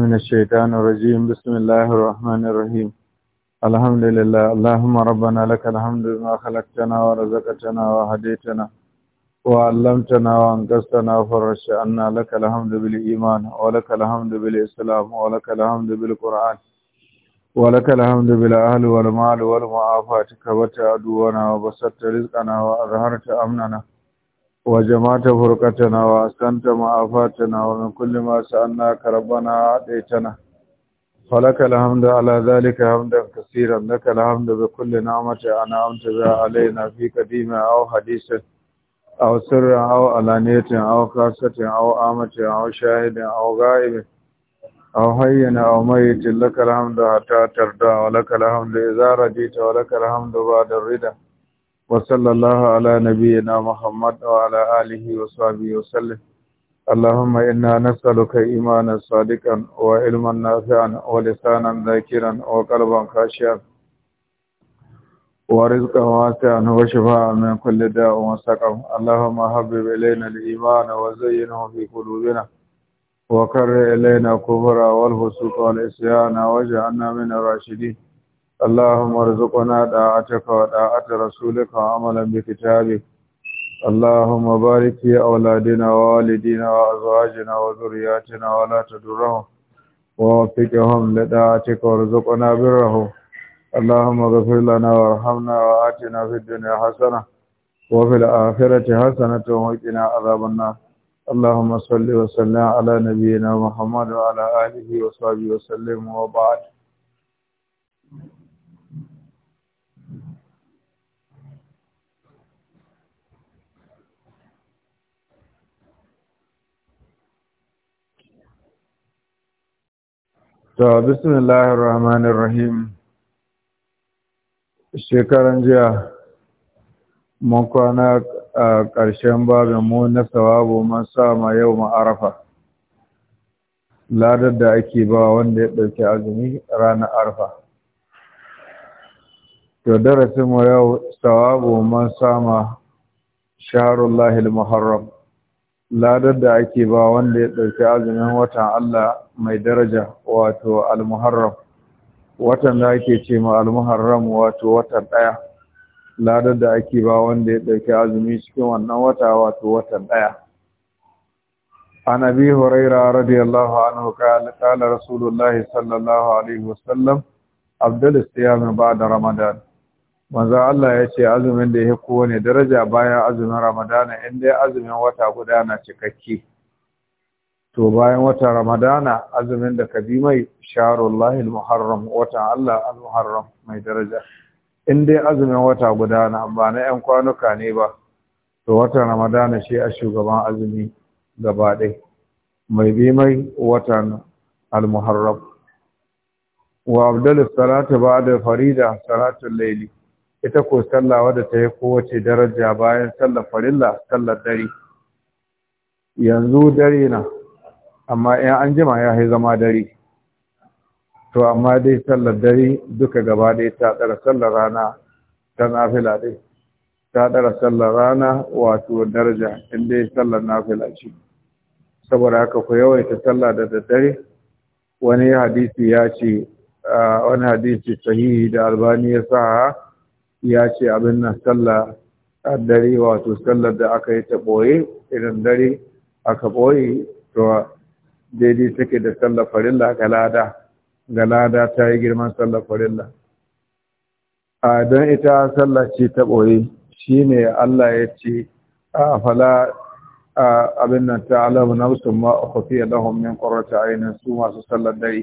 من الشيطان الرجيم بسم الله الرحمن الرحيم الحمد لله اللهم ربنا لك الحمد بما خلقتنا ورزقتنا وهديتنا وعلمتنا وانقذتنا وفرجت عنا لك الحمد بالإيمان ولك الحمد بالإسلام ولك الحمد بالقرآن ولك الحمد بالأهل والمال والمعافاة كبت عدونا وبسطت رزقنا وأظهرت أمننا وجمعت فرقتنا وأسكنت معافاتنا ومن كل ما سألناك ربنا أعطيتنا فلك الحمد على ذلك حمدا كثيرا لك الحمد بكل نعمة أنعمت بها علينا في قديمة أو حديثة أو سر أو علانية أو خاصة أو آمة أو شاهد أو غائب أو حي أو ميت لك الحمد حتى ترضى ولك الحمد إذا رضيت ولك الحمد بعد الرضا وصلى الله على نبينا محمد وعلى آله وصحبه وسلم اللهم إنا نسألك إيمانا صادقا وعلما نافعا ولسانا ذاكرا وقلبا خاشعا ورزقا واسعا وشفاء من كل داء وسقم اللهم حبب إلينا الإيمان وزينه في قلوبنا وكر إلينا كفرا والفسوق والعصيان واجعلنا من الراشدين اللهم ارزقنا طاعتك وطاعة رسولك وعملا بكتابك اللهم بارك في أولادنا ووالدينا وأزواجنا وذرياتنا ولا تدرهم ووفقهم لطاعتك وارزقنا برهم اللهم اغفر لنا وارحمنا وآتنا في الدنيا حسنة وفي الآخرة حسنة وقنا عذاب النار اللهم صل وسلم على نبينا محمد وعلى آله وصحبه وسلم وبعد to bismillahir rahmanir rahim shekaran jiya mun kwana a ƙarshen babin mu na sawabu man sama yau ma'arafa ladar da ake ba wanda ya ɗauki azumi ranar arfa to darasin mu yau sawabu man sama shahrullahil muharram ladar da ake ba wanda ya ɗauki azumin watan Allah mai daraja wato almuharram watan da ake ce ma almuharram wato watan ɗaya ladar da ake ba wanda ya ɗauki azumi cikin wannan wata wato watan ɗaya عن huraira Huraira radiyallahu anhu kala rasulullahi sallallahu alaihi الله صلى الله عليه وسلم manzo Allah ya ce azumin da ya kowane daraja bayan azumin ramadana in dai azumin wata guda na cikakke to bayan wata ramadana azumin da ka bi mai sharullahi muharram watan Allah al-muharram mai daraja in dai azumin wata guda na ba na yan kwanuka ne ba to wata ramadana shi a shugaban azumi gaba ɗaya mai bi mai watan al-muharram wa abdul salatu ba'da farida salatul layli ita ko sallah wadda ta yi kowace daraja bayan sallar farilla sallar dare yanzu dare na amma in an jima ya yi zama dare to amma dai sallar dare duka gaba dai ta tsara sallar rana ta nafila dai ta tsara sallar rana wato daraja in dai sallar nafila ce saboda haka ku yawaita sallah da daddare wani hadisi ya ce wani hadisi sahihi da albani ya sa ya ce abin nan sallah dare wato sallar da aka yi ta ɓoye irin dare aka ɓoye to daidai take da sallar farilla ga lada ga ta yi girman sallar farilla a don ita sallah ce ta ɓoye shi ne Allah ya ce a fala abin nan ta alamu na ma a kwafi lahun min ƙwararta ainihin su masu sallar dare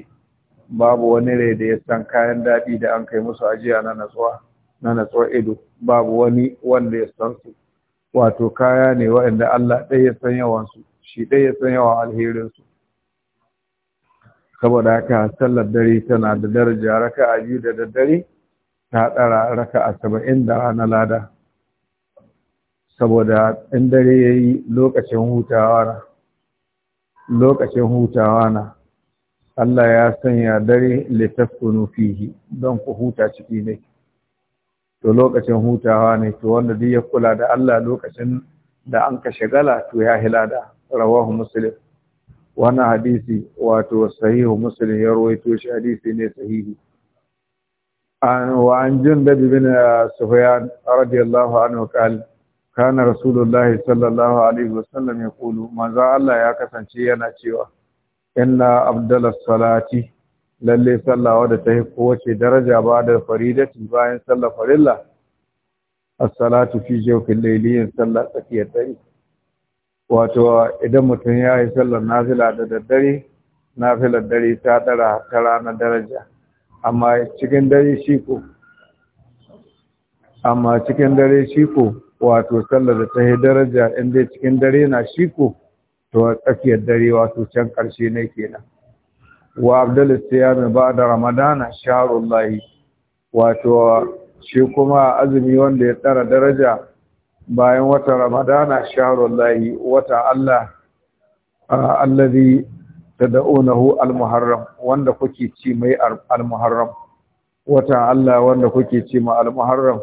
babu wani rai da ya san kayan daɗi da an kai musu ajiya na natsuwa. na natsuwar ido babu wani wanda ya san su wato kaya ne waɗanda Allah ɗaya ya san yawansu shi ɗaya ya san yawan su saboda haka sallar dare tana da daraja raka a biyu da daddare ta ɗara raka a saba'in da na lada saboda in dare ya yi lokacin hutawa na lokacin hutawa na Allah ya sanya dare littafin fihi don ku huta ciki ne to lokacin hutawa ne to wanda duk ya kula da Allah lokacin da an ka shagala to ya hilada rawahu muslim wannan hadisi wato sahihu muslim ya rawaito shi hadisi ne sahihi an wa an da bibin uh, sufyan radiyallahu anhu kal kana rasulullahi sallallahu alaihi wasallam kulu manzo Allah ya kasance yana cewa inna abdala salati lalle sallawa da ta kowace daraja ba da faridati bayan sallar farilla assalatu fi jawfil lailiyin sallar tsakiyar dare wato idan mutum ya yi sallar nafila da daddare nafilar dare ta dara ta ranar daraja amma cikin dare shi ko amma cikin dare shi ko wato sallar da ta yi daraja inda cikin dare na shi ko to tsakiyar dare wato can ƙarshe ne kenan wa abdul siyami ba ramadana sharullahi wato shi kuma azumi wanda ya tsara daraja bayan wata ramadana shaharullahi wata Allah allazi tad'unahu almuharram wanda kuke ci mai almuharram wata Allah wanda kuke ci ma almuharram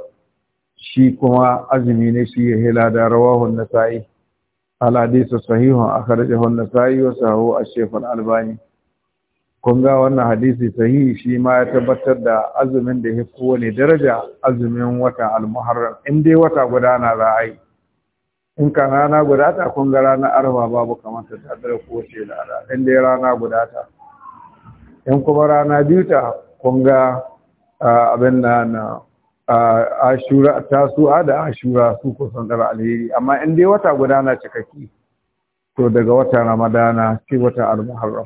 shi kuma azumi ne shi ya hila da rawahu nasai al hadith sahihun akhrajahu an-nasa'i wa sahahu ash-shaykh al-albani kun ga wannan hadisi sahihi shi ma ya tabbatar da azumin da ya kowane daraja azumin wata almuharram in dai wata guda na za a yi in ka rana guda ta kun ga rana arba babu kamar ta tsadar kowace rana in dai rana guda ta in kuma rana biyu ta kun ga abin da na ashura tasu'a da ashura su kusan dara alheri amma in dai wata guda na cikakki to daga wata ramadana ce wata almuharram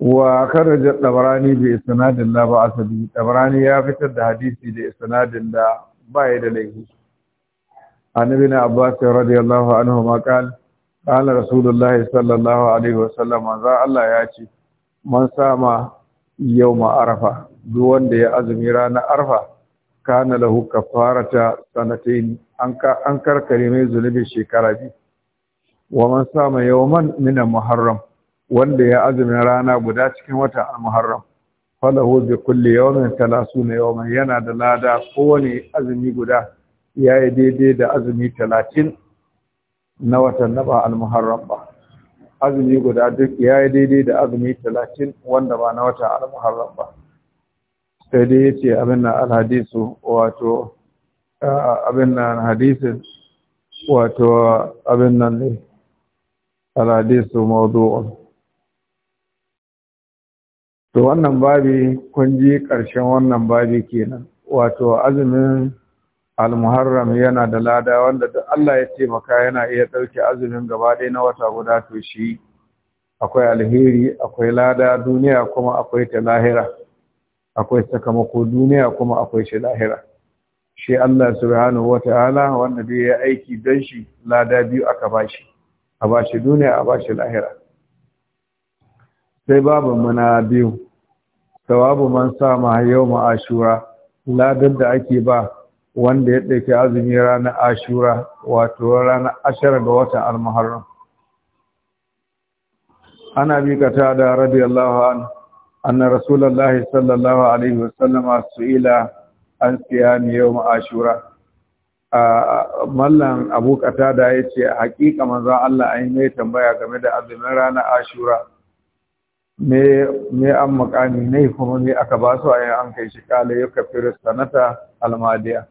wa kharaja tabarani bi isnadin la ba'asabi tabarani ya fitar da hadisi da isnadin da baya da laifi annabi na abbas radiyallahu anhu ma qala qala rasulullah sallallahu alaihi wasallam za Allah ya ce man sama yawma arafa duk wanda ya azumi ranar arafa kana lahu kafarata sanatain an ka an karkare mai zunubi shekara biyu wa man sama man min muharram wanda ya azumin rana guda cikin watan al-muharram falahu bi kulli yawmin 30 yawman yana da lada kowane azumi guda yayi daidai da azumi 30 na watan naba al-muharram ba azumi guda duk yayi daidai da azumi 30 wanda ba na watan al-muharram ba sai dai yace abin nan al-hadisu wato abin nan hadisin wato abin nan ne al-hadisu mawdu'un to wannan babi kun ji ƙarshen wannan babi kenan wato azumin almuharram yana da lada wanda duk Allah ya taimaka yana iya ɗauke azumin gaba ɗaya na wata guda to shi akwai alheri akwai lada duniya kuma akwai ta lahira akwai sakamako duniya kuma akwai shi lahira shi Allah subhanahu wata'ala wanda bai yi aiki don shi lada biyu aka bashi a bashi duniya a bashi lahira sai babu mana biyu tawabu man ma yawma ashura ladar da ake ba wanda ya ɗauki azumi ranar ashura wato ranar ashara ga watan almuharram ana bi kata da radiyallahu an anna rasulullahi sallallahu alaihi wasallam su'ila an siyami yawm ashura mallan abu kata da yace hakika manzo Allah an yi tambaya game da azumin ranar ashura me an makami ne kuma me aka ba su a an kai shi kala ya kafiru sanata almadiya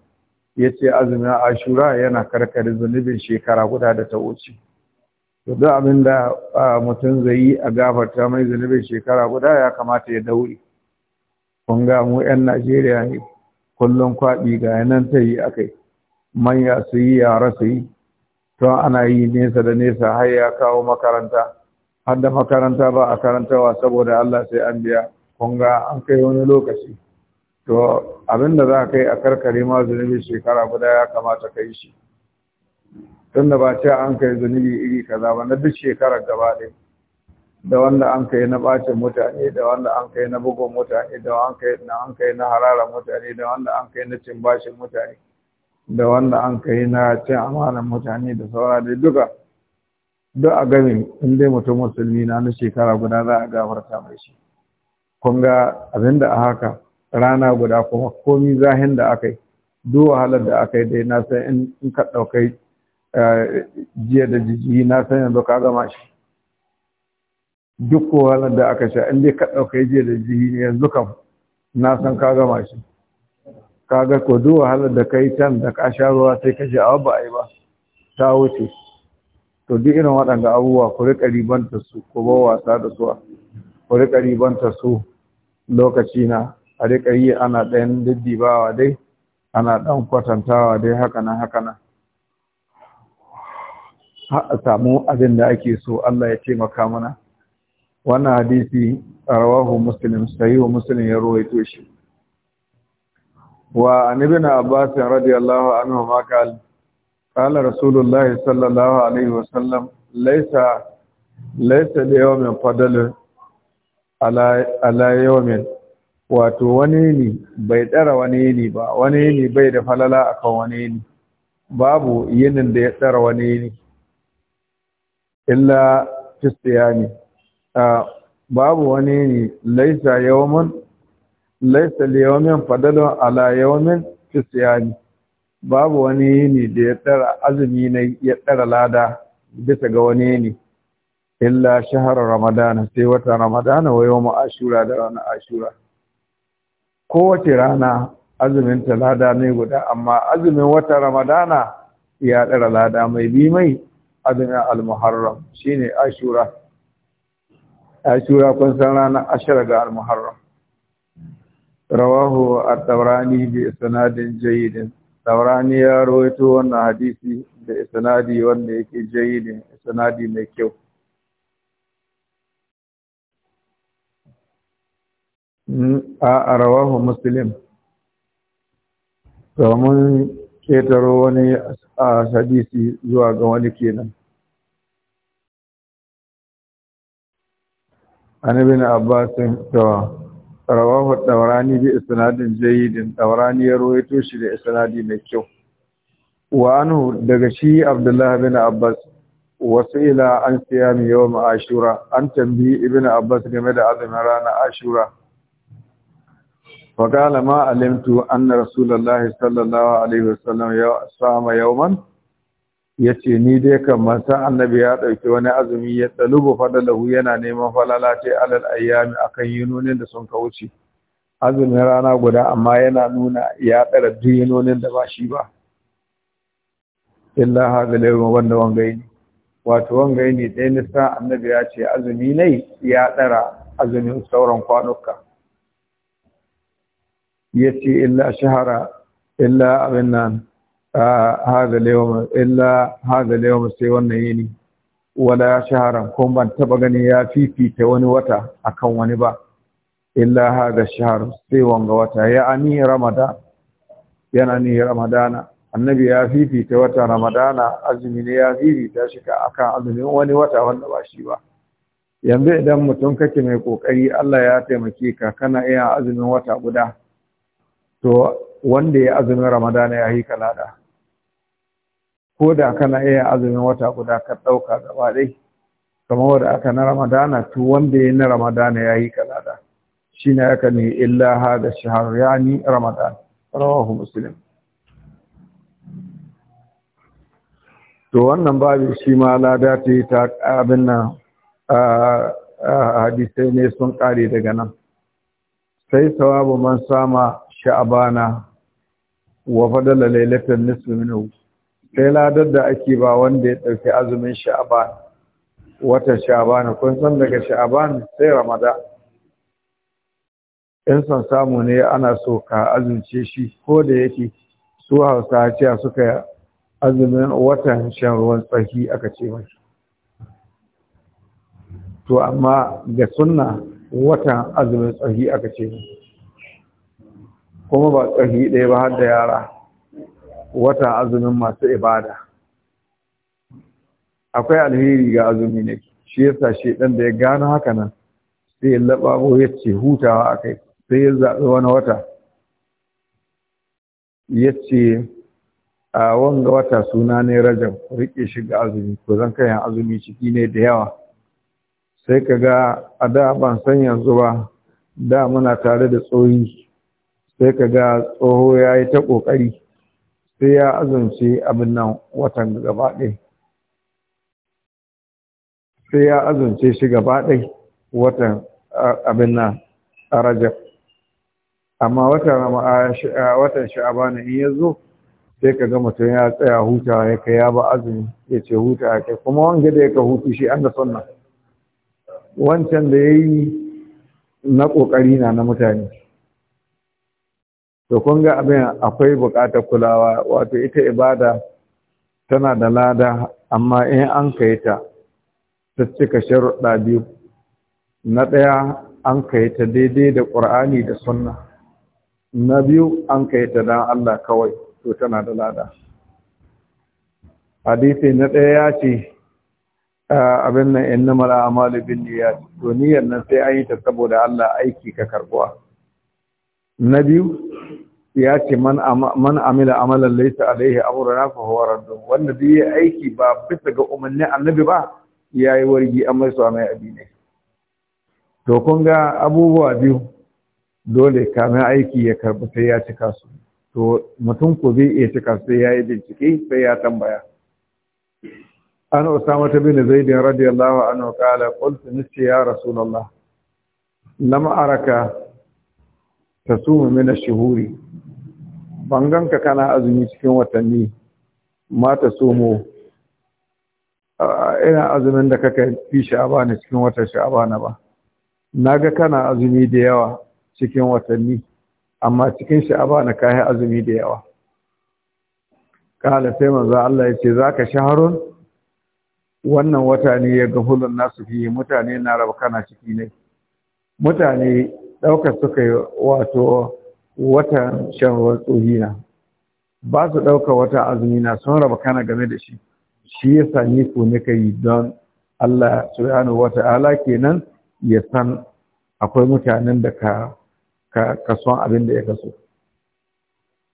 ya ce azumin ashura yana karkar zunubin shekara guda da ta wuce to duk abin da mutum zai yi a gafarta mai zunubin shekara guda ya kamata ya daure kun ga mu 'yan najeriya ne kullum kwaɓi ga yanan ta yi kai. manya su yi yara su yi to ana yi nesa da nesa har ya kawo makaranta har da makaranta ba a karantawa saboda Allah sai an biya kun ga an kai wani lokaci to abin da za ka yi a karkare ma zunubi shekara guda ya kamata ka yi shi tunda ba ce an kai zunubi iri kaza ba na duk shekarar gaba ɗaya da wanda an kai na ɓacin mutane da wanda an kai na bugun mutane da wanda an kai na harara mutane da wanda an kai na cin bashin mutane da wanda an kai na cin amanar mutane da sauran duka don a game in dai mutum musulmi na na shekara guda za a gafarta mai shi kun ga abin da a haka rana guda kuma komi zahin da aka yi duk wahalar da aka yi dai na san in ka ɗaukai eh, jiya da jijigi na san yanzu ka gama shi duk wahalar da aka sha in dai ka ɗaukai jiya da jijigi ne yanzu kam na san ka gama shi ka ga ko duk wahalar da ka yi can da ka sha ruwa sai ka ji a ba a yi ba ta wuce to duk irin waɗanda abubuwa ku riƙa ribanta su ko ba wasa da su ku riƙa ribanta su lokaci na a riƙa yi ana ɗayan diddibawa dai ana ɗan kwatantawa dai haka nan haka nan a samu abin da ake so Allah ya taimaka mana wannan hadisi rawahu muslim sahihu muslim ya ruwaito shi wa an ibn abbas radiyallahu anhu ma qala rasulullahi sallallahu alaihi wasallam laisa laisa da yawmin fadalin ala yawmin wato wani ne bai tsara wani ne ba wani ne bai da falala akan wani ne babu yinin da ya tsara wani ne illa fistiyani babu wani ne laisa yawmin laisa yawmin fadalun ala yawmin fistiyani babu wani yini da ya tsara azumi na ya tsara lada bisa ga wani yini illa shahar ramadana sai wata ramadana wa yau ashura da rana ashura kowace rana azumin ta lada ne guda amma azumin wata ramadana ya tsara lada mai bi mai azumin almuharram shine ashura ashura kun san rana ashira ga almuharram rawahu at-tabrani bi sanadin jayyidin taurani ya rawaito wannan hadisi da isnadi wanda yake ne isnadi mai kyau a rawahu muslim domin ketaro wani a hadisi zuwa ga wani kenan an ibn abbasin tawa rawahu daurani bi isnadin jayyidin daurani ya rawaito shi da isnadi mai kyau wa anhu daga shi abdullah bin abbas wasu ila an siyami yawm ashura an tambayi ibn abbas game da azumin rana ashura wa a ma alimtu anna rasulullahi sallallahu alaihi wasallam ya sama yawman ya ce ni dai kamar san annabi ya ɗauki wani azumi ya ɗalubu lahu yana neman falala ce alal ayyami a kan yinonin da sun ka wuce azumin rana guda amma yana nuna ya ɗara duk yinonin da ba shi ba illa haɗa lewa wanda ne, wato wangayi ne ɗaya nisa annabi ya ce azumi ne ya ɗara azumin sauran kwanuka ya ce illa shahara illa abin nan hadha al-yawm illa hadha al wannan yini wala shaharan kun ban taba gani ya fifita wani wata akan wani ba illa hadha shahr sai wanga wata ya ani ramadan yana ni ramadana annabi ya fifita wata ramadana azumi ne ya fifita shi akan azumi wani wata wanda ba shi ba yanzu idan mutum kake mai kokari Allah ya taimake ka kana iya azumin wata guda to wanda ya azumin ramadana ya yi kalada ko da kana iya azumin wata guda ka ɗauka gaba ɗai kamar wanda aka na ramadana to wanda ya na ramadana ya yi kalada shi ne aka ne illa ha da shahar ya ni ramadan rawahu muslim to wannan babu shi ma lada ta yi ta abin nan hadisai ne sun kare daga nan sai sawabu man sama sha'abana wa fadala lailatan nisfi minhu sai ladar da ake ba wanda ya ɗauki azumin sha'aban watan sha'aban kun san daga sha'aban sai ramada in san samu ne ana so ka azumce shi ko da yake su hausa cewa suka azumin watan shan ruwan tsaki aka ce mai to amma ga sunna watan azumin tsaki aka ce mai kuma ba tsaki ɗaya ba har da yara wata azumin masu ibada akwai alheri ga azumi ne shi yasa shi dan da ya gano haka nan sai ya lababo ya ce hutawa akai sai ya zaɓi wani wata ya ce a wanga wata suna ne rajab ku riƙe shi ga azumi ko zan kayan azumi ciki ne da yawa sai ka ga a da ban san yanzu ba da muna tare da tsohi sai ka ga tsoho ya yi ta ƙoƙari sai ya azance abin nan watan gaba ɗai sai ya azance shi gaba ɗai watan abin nan a rajab amma watan sha'abana in ya zo sai ka ga mutum ya tsaya huta ya kai ya ba azumi ya ce huta ya kai kuma wanga da ya ka hutu shi an da sunna wancan da ya yi na ƙoƙari na na mutane to kun ga abin akwai buƙatar kulawa wato ita ibada tana da lada amma in an kai ta ta cika sharuɗa biyu na ɗaya an kai ta daidai da ƙur'ani da sunna na biyu an kai ta don Allah kawai to tana da lada hadisi na ɗaya ya ce ah, abin nan in namara amalu bin niyyat to niyyar nan sai an yi ta saboda Allah aiki ka karbuwa na biyu ya ce man amila amalan laisa alaihi amruna fa huwa radd wanda duk yayi aiki ba bisa ga umarni annabi ba yayi wargi amai su mai abi ne to kun ga abubuwa biyu dole kamar aiki ya karbi sai ya cika su to mutum ko zai iya cika sai ya yi bincike sai ya tambaya an usama ta bin zaid radiyallahu anhu qala qultu nisi ya rasulullah lam araka ta suma ash-shuhuri ban ganka kana azumi cikin watanni mata somo ina azumin da kaka fi sha'abana cikin watan sha'abana ba na ga kana azumi da yawa cikin watanni amma cikin sha'abana ka yi azumi da yawa kala sai manzo Allah ya ce zaka shaharun wannan wata ne ya hulun nasu fi mutane na raba kana ciki ne mutane ɗaukar suka wato watan shahawar tsohina ba su ɗauka wata azumi na sun raba kana game da shi shi ya sami ko ka yi don Allah subhanahu wata'ala kenan ya san akwai mutanen da ka ka son abin da ya kaso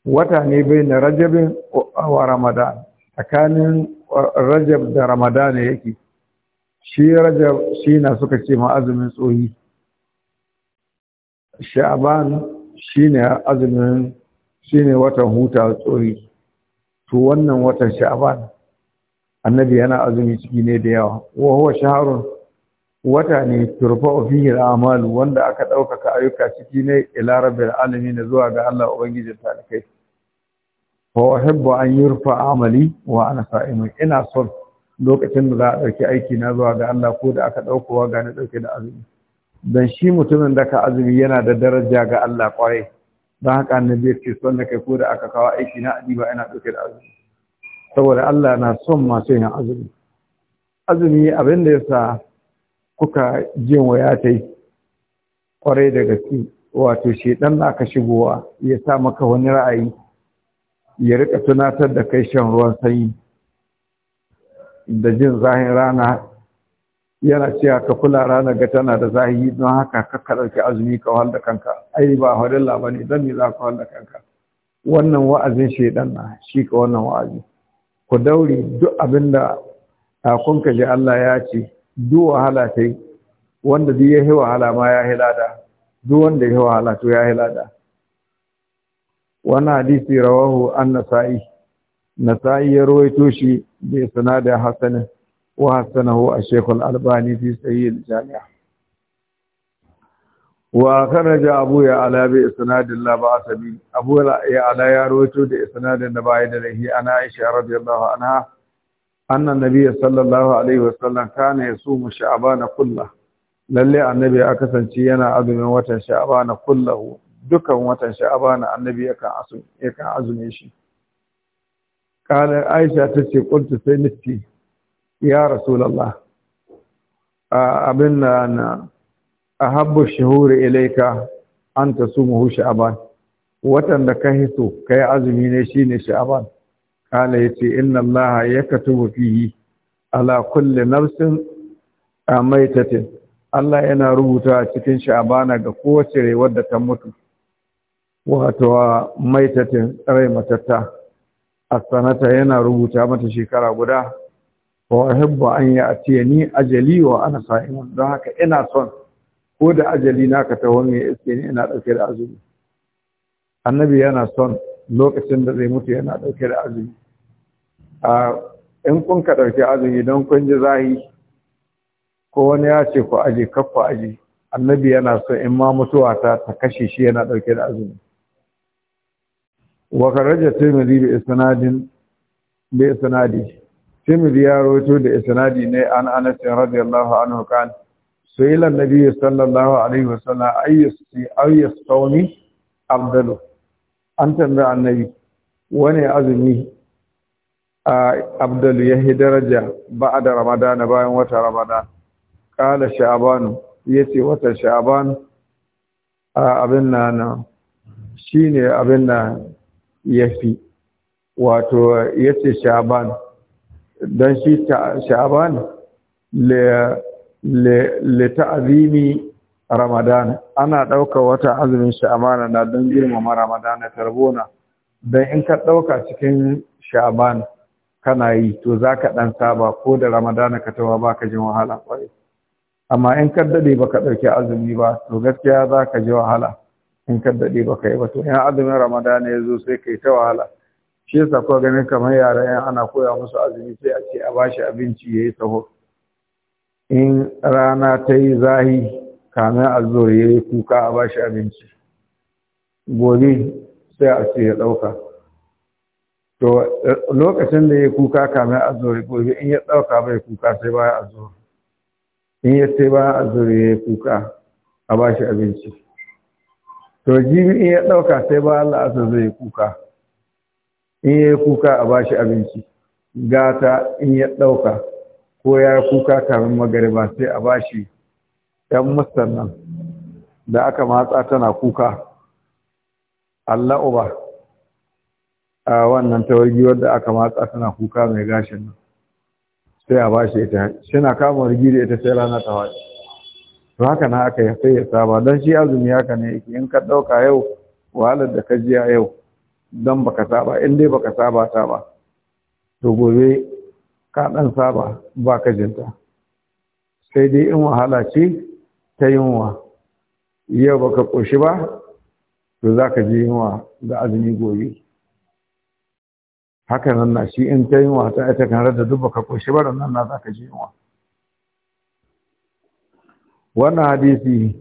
wata ne bai na rajabin wa ramadan tsakanin rajab da ramadan yake shi rajab shi na suka ce ma azumin tsohi sha'ban shine azumin shine watan huta tsori to wannan watan sha'ban annabi yana azumi ciki ne da yawa wa huwa wata ne turfa fihi al'amalu wanda aka ɗaukaka ayyuka ciki ne ila rabbil alamin zuwa ga Allah ubangijin talikai wa uhibbu an yurfa amali wa ana sa'imun ina son lokacin da za a ɗauki aiki na zuwa ga Allah ko da aka ɗaukowa ga ni ɗauke da azumi dan shi mutumin da ka azumi yana da daraja ga Allah kwarai don haka annabi ya ce son da kai ko da aka kawo aiki na adiba yana ɗauke da azumi saboda Allah na son masu yin azumi azumi abin da yasa kuka jin waya ta yi kwarai da gaske wato shedan na aka shigowa ya sa maka wani ra'ayi ya rika tunatar da kai shan ruwan sanyi da jin zahin rana yana cewa ka kula ranar ga tana da zahiri don haka ka ɗauki azumi ka wanda da kanka ai ba hadalla ba ne don me za ka wanda da kanka wannan wa'azin shaidan na shi ka wannan wa'azi ku daure duk abin da kun ka ji Allah ya ce duk wahala ta yi wanda duk ya yi wahala ma ya yi lada duk wanda ya yi wahala to ya yi lada wannan hadisi rawahu an nasa'i nasa'i ya rawaito shi bai sana da hasanin وحسنه الشيخ الألباني في سيئ الجامعة وخرج أبو يعلى بإسناد لا بأس به أبو يعلى يروي بإسناد النبائد له أنا عائشة رضي الله عنها أن النبي صلى الله عليه وسلم كان يصوم شعبان كله للي annabi ya kasance yana azumin watan sha'abana kullahu dukan watan sha'abana annabi yakan azumi shi kala aisha ta ce qultu sai ya rasulallah abin na a habbu shahuri ilaika an ta su muhu sha'aban watan da ka hito ka yi azumi ne shi ne sha'aban kala ya ce inna allaha ya tuba fiye ala kulle nafsin a maitatin Allah yana rubuta cikin sha'abana ga kowace rai wadda ta mutu wato a maitatin rai matatta a sanata yana rubuta mata shekara guda wa uhibbu an ya'tiyani ajali wa ana sa'imun don haka ina son ko da ajali na ka taho mai iske ni ina dauke da azumi annabi yana son lokacin da zai mutu yana dauke da azumi a in kun ka dauke azumi don kun ji zahi ko wani ya ce ku aje kar ku aje annabi yana son in ma mutuwa ta ta kashe shi yana dauke da azumi wa kharaja tirmidhi bi sanadin bi isnadi tirmidhi ya rawaito da isnadi ne an anas radiyallahu anhu kan sayyidan nabiy sallallahu alaihi wasallam ayyusi ayyus sawmi afdalu an tambaya annabi wani azumi a abdalu yahi daraja ba'da ramadana bayan wata ramadana qala sha'banu yace wata sha'ban abin nan shine abin nan yafi wato yace sha'ban don shi sha'aban le ta'azimi ramadan ana ɗauka wata azumin sha'aban na don girmama ramadan na tarbona don in ka ɗauka cikin sha'aban kana yi to za ka ɗan saba ko da ramadan ka tawa ba ka jin wahala kwai. amma in ka daɗe ba ka ɗauki azumi ba to gaskiya za ka ji wahala in ka daɗe ba ka yi ba to in azumin ramadan ya zo sai ka yi ta wahala shi yasa ko ganin kamar yara yan ana koya musu azumi sai a ce a bashi abinci yayi saho in rana ta yi zahi kamin ya yi kuka a bashi abinci gobe sai a ce ya dauka to lokacin da ya kuka kamin azur gobe in ya dauka bai kuka sai baya azur in ya sai baya ya yi kuka a bashi abinci to jibi in ya dauka sai baya Allah zai kuka in ya yi kuka a ba shi abinci gata in ya ɗauka ko ya yi kuka kamin magariba sai a ba shi ɗan musamman da aka matsa tana kuka Allah uba a wannan tawargi da aka matsa tana kuka mai gashin nan sai a ba shi ita suna kama rigi da ita sai rana ta waje to haka na aka sai ya saba don shi azumi haka ne in ka ɗauka yau wahalar da ka jiya yau don baka saba in dai baka saba ta ba to gobe ka ɗan saba ba ka jinta sai dai in wahala ce ta yunwa yau baka ƙoshi ba to za ka ji yunwa da azumi gobe haka nan na shi in ta yunwa ta ita kan rada duk baka ƙoshi ba nan na za ka ji yunwa wannan hadisi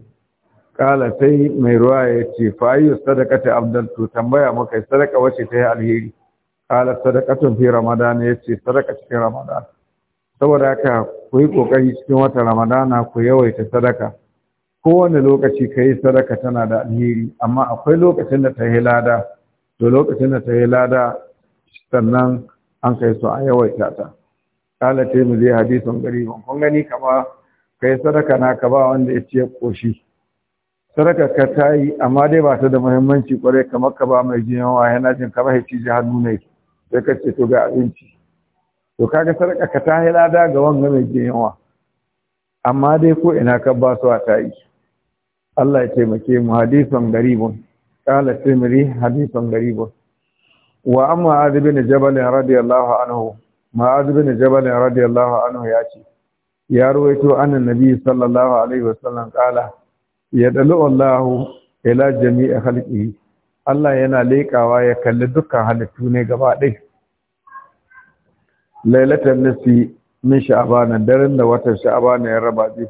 kala sai mai ruwa ya ce fayu sadaka ta abdal to tambaya muka sadaka wace ta yi alheri kala sadakatun fi ramadan ya ce sadaka cikin ramadan saboda haka ku yi kokari cikin wata ramadana ku yawaita sadaka kowane lokaci ka yi sadaka tana da alheri amma akwai lokacin da ta yi lada to lokacin da ta yi lada sannan an kai su a yawaita ta kala mu zai hadisun gari kun gani kama ka yi sadaka na ka ba wanda ya ce koshi sadaka ka ta yi amma dai ba ta da muhimmanci kwarai kamar ka ba mai jiyan wa yana jin kamar ya ci hannu ne sai ka ce to ga abinci to kaga sadaka ka ta yi lada ga wanga mai jiyan wa amma dai ko ina ka ba su ta yi Allah ya taimake mu hadisan garibun kala timri hadisan garibun wa amma azib bin jabal radiyallahu anhu ma azib bin jabal radiyallahu anhu ya ce ya ruwaito annabi sallallahu alaihi wasallam kala ya dalu Allahu ila jami'i khalqi Allah yana leƙawa ya kalli dukkan halittu ne gaba ɗaya lailatul nisfi min sha'ban daren da watan sha'ban ya raba ji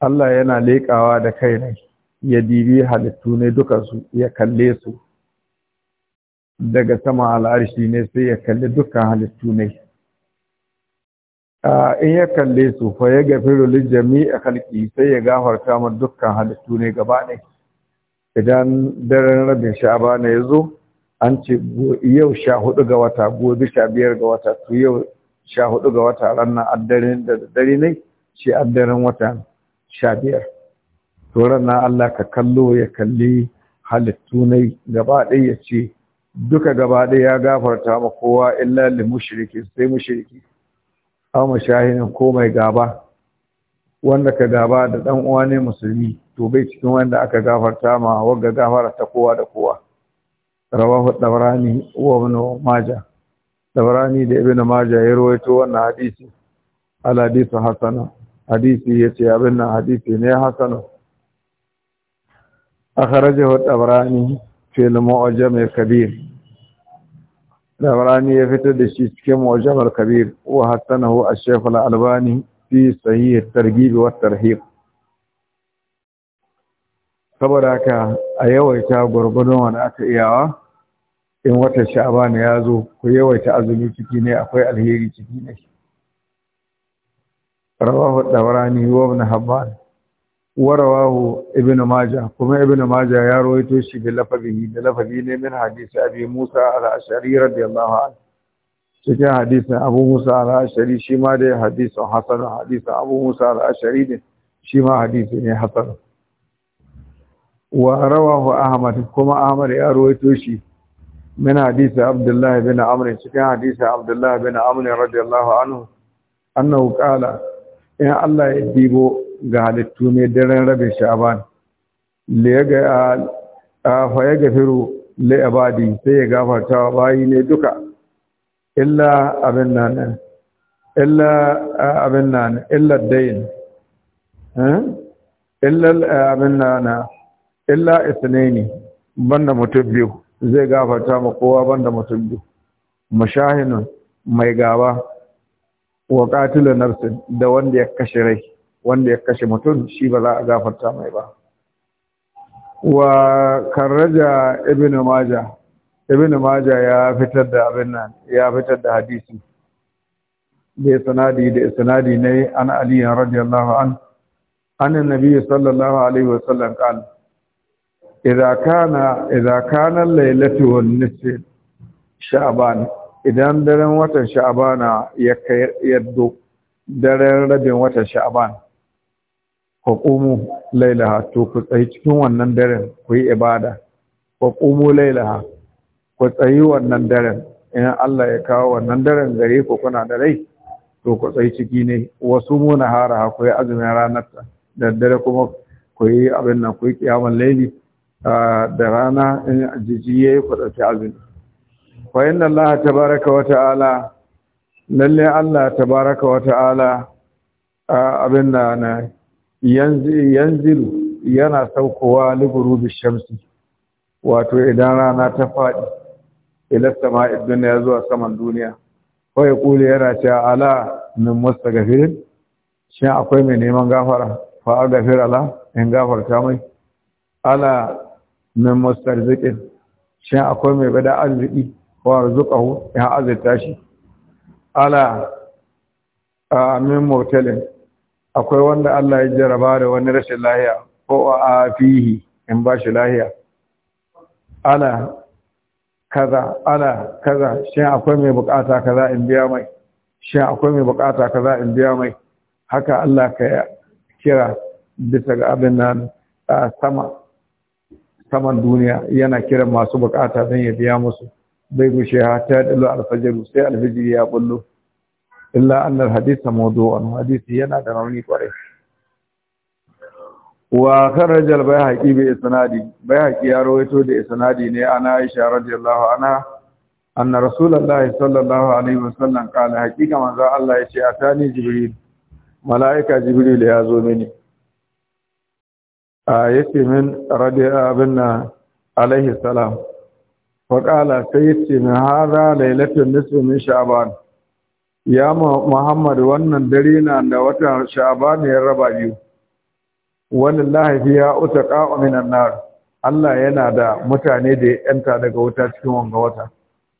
Allah yana leƙawa da kai ne ya dibi halittu ne dukansu ya kalle su daga sama al'arshi ne sai ya kalli dukkan halittu ne in ya kalle su fa ya gafiru lil jami'a Kalki sai ya gafarta mu dukkan halittu ne gaba ne. idan daren rabin sha'aba ne ya zo an ce yau sha hudu ga wata gobe sha biyar ga wata to yau sha hudu ga wata ranar addaren da dare ne shi addaren wata sha biyar to ranar Allah ka kallo ya kalli halittu ne gaba ɗaya ya ce duka gaba ɗaya ya gafarta ma kowa illa li mushriki sai mushriki aw shahinin ko mai gaba wanda ka gaba da dan uwa ne musulmi to bai cikin wanda aka gafarta ma wanda gafara ta kowa da kowa rawahu dabrani wa ibn majah dabrani da ibn majah ya rawaito wannan hadisi al hadisi hasana hadisi yace abin nan hadisi ne hasana akhrajahu dabrani fi al mu'jam al kabir tabarani ya fitar da shi cikin mu'jamar kabir wa hattanahu ash-shaykh al-albani fi sahih at wa tarhib saboda haka a yawaita gwargwadon wani aka iyawa in watan sha'abana ya zo ku yawaita azumi ciki ne akwai alheri ciki ne rawahu tabarani wa ibn warawahu ibn majah kuma ibn majah ya rawaito shi da lafazi da lafazi ne min hadisi abi musa al-ashari radiyallahu anhu cikin hadisin abu musa al-ashari shi ma da hadisin hasan hadisin abu musa al-ashari ne shi ma hadisi ne hasan wa rawahu ahmad kuma ahmad ya rawaito shi min hadisi abdullahi bin amr cikin hadisin abdullahi bin amr radiyallahu anhu annahu qala in Allah ya dibo ga halittu ne daren rabin sha'aban ya ga a faye gafiru la'abadi sai ya gafarta bayi ne duka illa abin nan illa abin nan illa dain illa abin nan illa isnaini banda mutum biyu zai gafarta ma kowa banda mutum biyu mashahinun mai gaba wa katilu nafsin da wanda ya kashe rai wanda ya kashe mutum shi ba za a gafarta mai ba wa karraja ibn maja ibn maja ya fitar da abin nan ya fitar da hadisi da sanadi da sanadi ne an ali radiyallahu an an annabi sallallahu alaihi wasallam qala idza kana idza kana lailatu wan nisf sha'ban idan daren watan sha'bana ya kai yaddo daren rabin watan sha'ban ku lailaha to ku tsayi cikin wannan daren ku yi ibada ku lailaha ku tsayi wannan daren in Allah ya kawo wannan daren gare ku kuna da rai to ku tsayi ciki ne wasu mu haraha ku yi azumin ranar da dare kuma ku yi abin nan ku yi kiyamun laili da rana in yi ku ɗauki azumi fa inna Allah tabaraka wa ta'ala lalle Allah tabaraka wa ta'ala abin da na yanzilu yana saukowa ligurubi shamsi wato idan rana ta faɗi ila sama'id duniya zuwa saman duniya ko ya kule yana cewa ala min mustaghfirin shin akwai mai neman gafara fa gafir ala in gafarta mai ala min mustarziqin shin akwai mai bada arziki ko arzuqahu ya azurta shi ala min mubtalin akwai wanda Allah ya jaraba da wani rashin lahiya ko a fihi in ba shi lahiya ana kaza ana kaza shin akwai mai bukata kaza in biya mai shin akwai mai bukata kaza in biya mai haka Allah ka kira bisa ga abin nan sama saman duniya yana kiran masu bukata zan ya biya musu bai gushe ha ta dalo alfajiru sai alfajiri ya bullo illa annal haditha mawdu'un hadisi yana da rauni kwarai wa kharajal bayhaqi bi isnadi bayhaqi ya rawaito da isnadi ne ana Aisha radiyallahu anha anna rasulullahi sallallahu alaihi wasallam kala haqiqa manzo Allah ya ce atani jibril malaika jibril ya zo mini a yace min radiya binna alaihi salam wa kala sayyidina hadha lailatul nisfi min sha'ban ya muhammad wannan dare na da watan sha'ban ya raba biyu wallahi ya utaqa'u minan na Allah yana da mutane da ya yanta daga wuta cikin wanga wata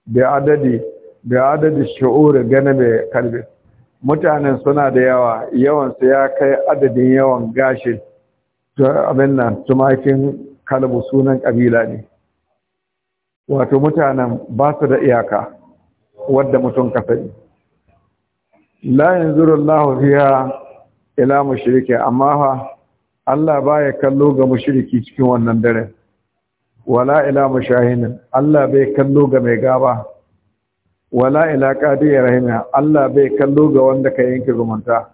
da adadi da adadi shu'ur gane mai kalbi mutanen suna da yawa yawan ya kai adadin yawan gashi to abin nan tumakin kalbu sunan kabila ne wato mutanen ba su da iyaka wadda mutum ka sani la yanzuru Allahu fiha ila mushrike amma fa Allah baya kallo ga mushriki cikin wannan dare wala ila mushahinin Allah bai kallo ga mai gaba wala ila qadi rahima Allah bai kallo ga wanda ka yanke zumunta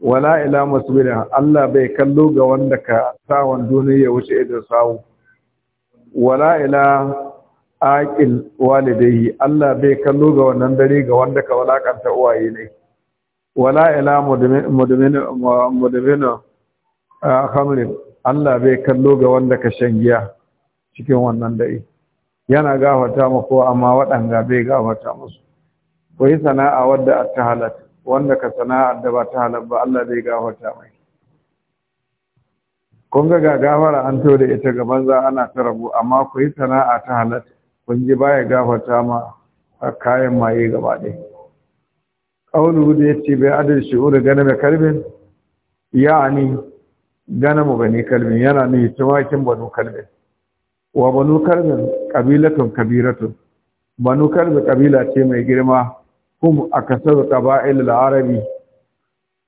wala ila musbirin Allah bai kallo ga wanda ka sawan duniya wuce idan sawu wala ila aqil walidayhi Allah bai kallo ga wannan dare ga wanda ka walakanta uwaye ne wala ila mudmin mudmin hamrin Allah bai kallo ga wanda ka shan giya cikin wannan da'i. yana gafata muku amma waɗanga bai gafata musu ko yi sana'a wadda ta halatta wanda ka sana'a da ba ta halar ba Allah bai gafarta mai kun ga gafara an to da ita gaban za ana ta rabu amma ku yi sana'a ta halat, kun ji baya gafarta ma kayan maye gaba ɗaya ƙaunuhu da ya ce bai adal shi'uri gane mai kalbin ya ni gane mu kalbin yana ne tumakin banu kalbin wa banu kalbin ƙabilatun kabiratun banu kalbin ƙabila ce mai girma kuma a kasar ƙaba'il al'arabi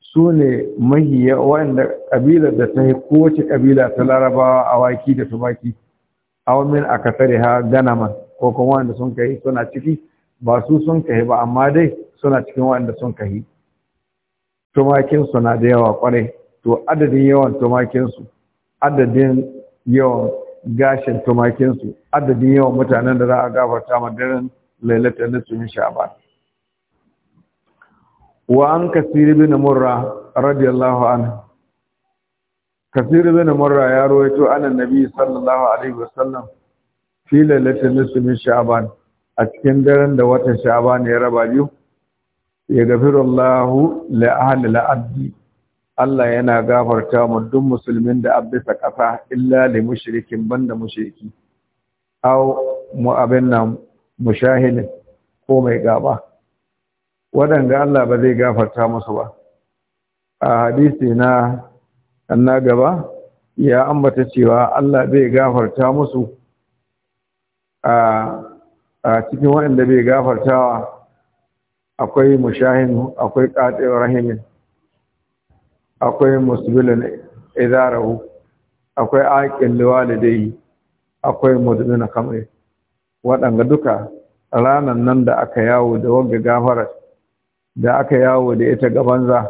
su ne mahiya wa'anda ƙabilar da ta yi kowace ƙabila ta larabawa awaki da tumaki awamin a kasar ha ganaman ko kuma wanda sun kai suna ciki ba su sun kai ba amma dai suna cikin wanda sun kahi tumakinsu na da yawa kwarai to adadin yawan tumakinsu adadin yawan gashin tumakinsu adadin yawan mutanen da za a gafarta ma daren lailatar nutsumin sha'ban wa an kasiri bin murra radiyallahu anhu kasiri bin murra ya rawaito anan nabi sallallahu alaihi wasallam fi lailatar nutsumin sha'ban a cikin daren da watan sha'ban ya raba biyu ya li ahli al-abdi Allah yana gafarta mu duk musulmin da abisa kafa illa li mushrikin banda mushriki aw mu abin nan mushahil ko mai gaba waɗanda Allah ba zai gafarta musu ba a hadisi na na gaba ya ambata cewa Allah bai gafarta musu a cikin waɗanda bai gafartawa akwai mushahin akwai qatir rahimin akwai musbilin idarahu akwai aqil dai. akwai mudmin kamar waɗanga duka ranan nan da aka yawo da wanga gafara da aka yawo da ita gabanza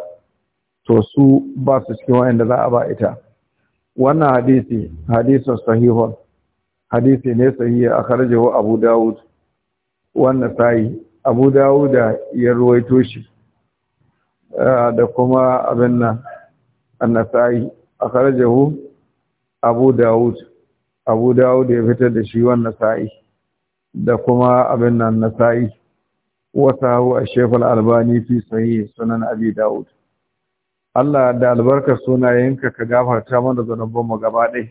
to su ba su cikin wa'anda za a ba ita wannan hadisi hadisin sahihun hadisi ne sahihi akhrajahu abu dawud wannan sai abu dawuda ya ruwaito shi eh, da kuma abin nan annasai hu, abu dawud abu dawud ya fitar da shi wannan sa'i da kuma abin nan nasai wata hau a shekul albani fi sahih sunan abi dawud Allah da albarkar sunayenka ka gafarta mana zanubanmu mu gaba ɗaya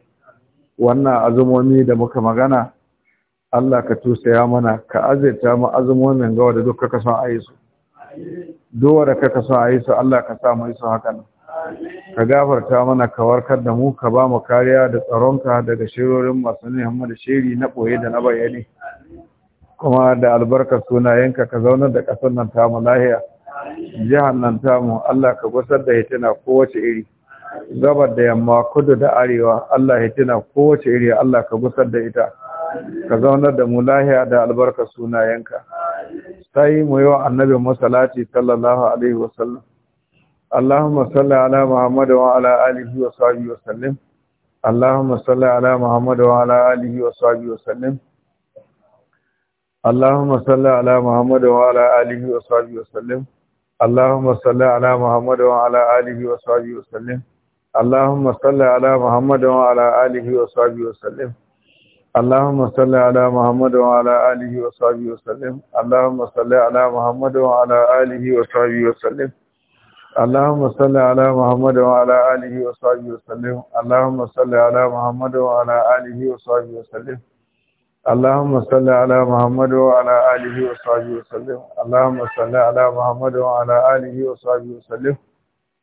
wannan azumomi da muka magana Allah ka tusaya mana ka azirta mu azumin nan gawa da duk kaka son ayi su duwa da kaka son ayi su Allah ka sa mu yi su haka nan ka gafarta mana ka warkar da mu ka ba mu kariya da tsaronka daga shirorin masu neman da shiri na boye da na bayani kuma da albarkar sunayenka ka zauna da kasar nan ta mu lahiya jihar nan ta mu, Allah ka gusar da hitina kowace iri gabar da yamma kudu da arewa Allah hitina kowace iri Allah ka gusar da ita ka zaunar da mu lahiya da albarka sunayenka sai mu yi wa annabi masalati sallallahu alaihi wasallam Allahumma salli ala Muhammad wa ala alihi wa sahbihi wa sallim Allahumma salli ala Muhammad wa ala alihi wa sahbihi wa sallim wa sallim Allahumma salli ala آله wa ala alihi wa wa sallim Allahumma salli ala wa ala alihi wa wa sallim اللهم صل على محمد وعلى اله وصحبه وسلم اللهم صل على محمد وعلى اله وصحبه وسلم اللهم صل على محمد وعلى اله وصحبه وسلم اللهم صل على محمد وعلى اله وصحبه وسلم اللهم صل على محمد وعلى اله وصحبه وسلم اللهم صل على محمد وعلى اله وصحبه وسلم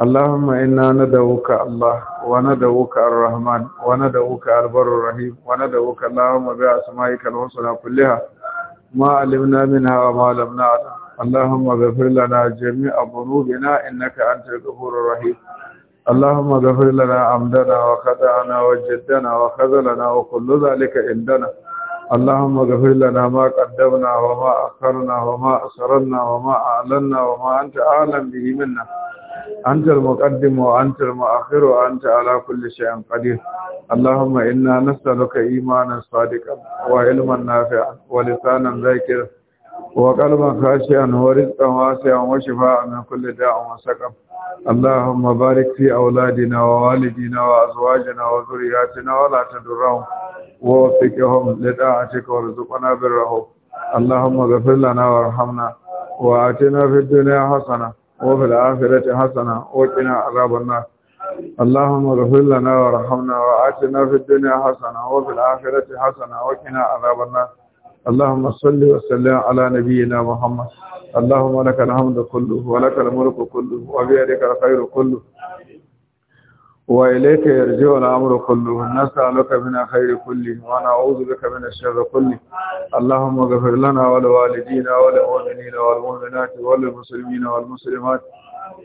اللهم إنا ندعوك الله وندعوك الرحمن وندعوك البر الرحيم وندعوك اللهم بأسمائك الحسنى كلها ما علمنا منها وما لم نعلم اللهم اغفر لنا جميع ذنوبنا إنك أنت الغفور الرحيم اللهم اغفر لنا عمدنا وخطأنا وجدنا وخذلنا وكل ذلك عندنا اللهم اغفر لنا ما قدمنا وما أخرنا وما أسررنا وما أعلنا وما أنت أعلم به منا أنت المقدم وأنت المؤخر وأنت على كل شيء قدير اللهم إنا نسألك إيمانا صادقا وعلما نافعا ولسانا ذاكرا وقلبا خاشعا ورزقا واسعا وشفاء من كل داء وسقم اللهم بارك في أولادنا ووالدينا وأزواجنا وذرياتنا ولا تدرهم ووفقهم لطاعتك وارزقنا برهم اللهم اغفر لنا وارحمنا وآتنا في الدنيا حسنه وفي الآخرة حسنة وقنا عذاب النار اللهم اغفر لنا ورحمنا وآتنا في الدنيا حسنة وفي الآخرة حسنة وقنا عذاب النار اللهم صل وسلم على نبينا محمد اللهم لك الحمد كله ولك الملك كله وبيدك الخير كله wa ilayka yarji'u al-amru kulluhu nas'aluka min khayri kulli wa na'udhu bika min ash-sharri kulli allahumma ighfir lana wa liwalidina wa lil mu'minina wal mu'minati wa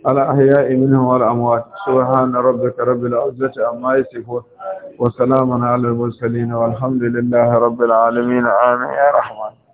الأحياء منهم والأموات سبحان ربك رب العزة عما يصفون وسلام على المرسلين والحمد لله رب العالمين آمين يا رحمن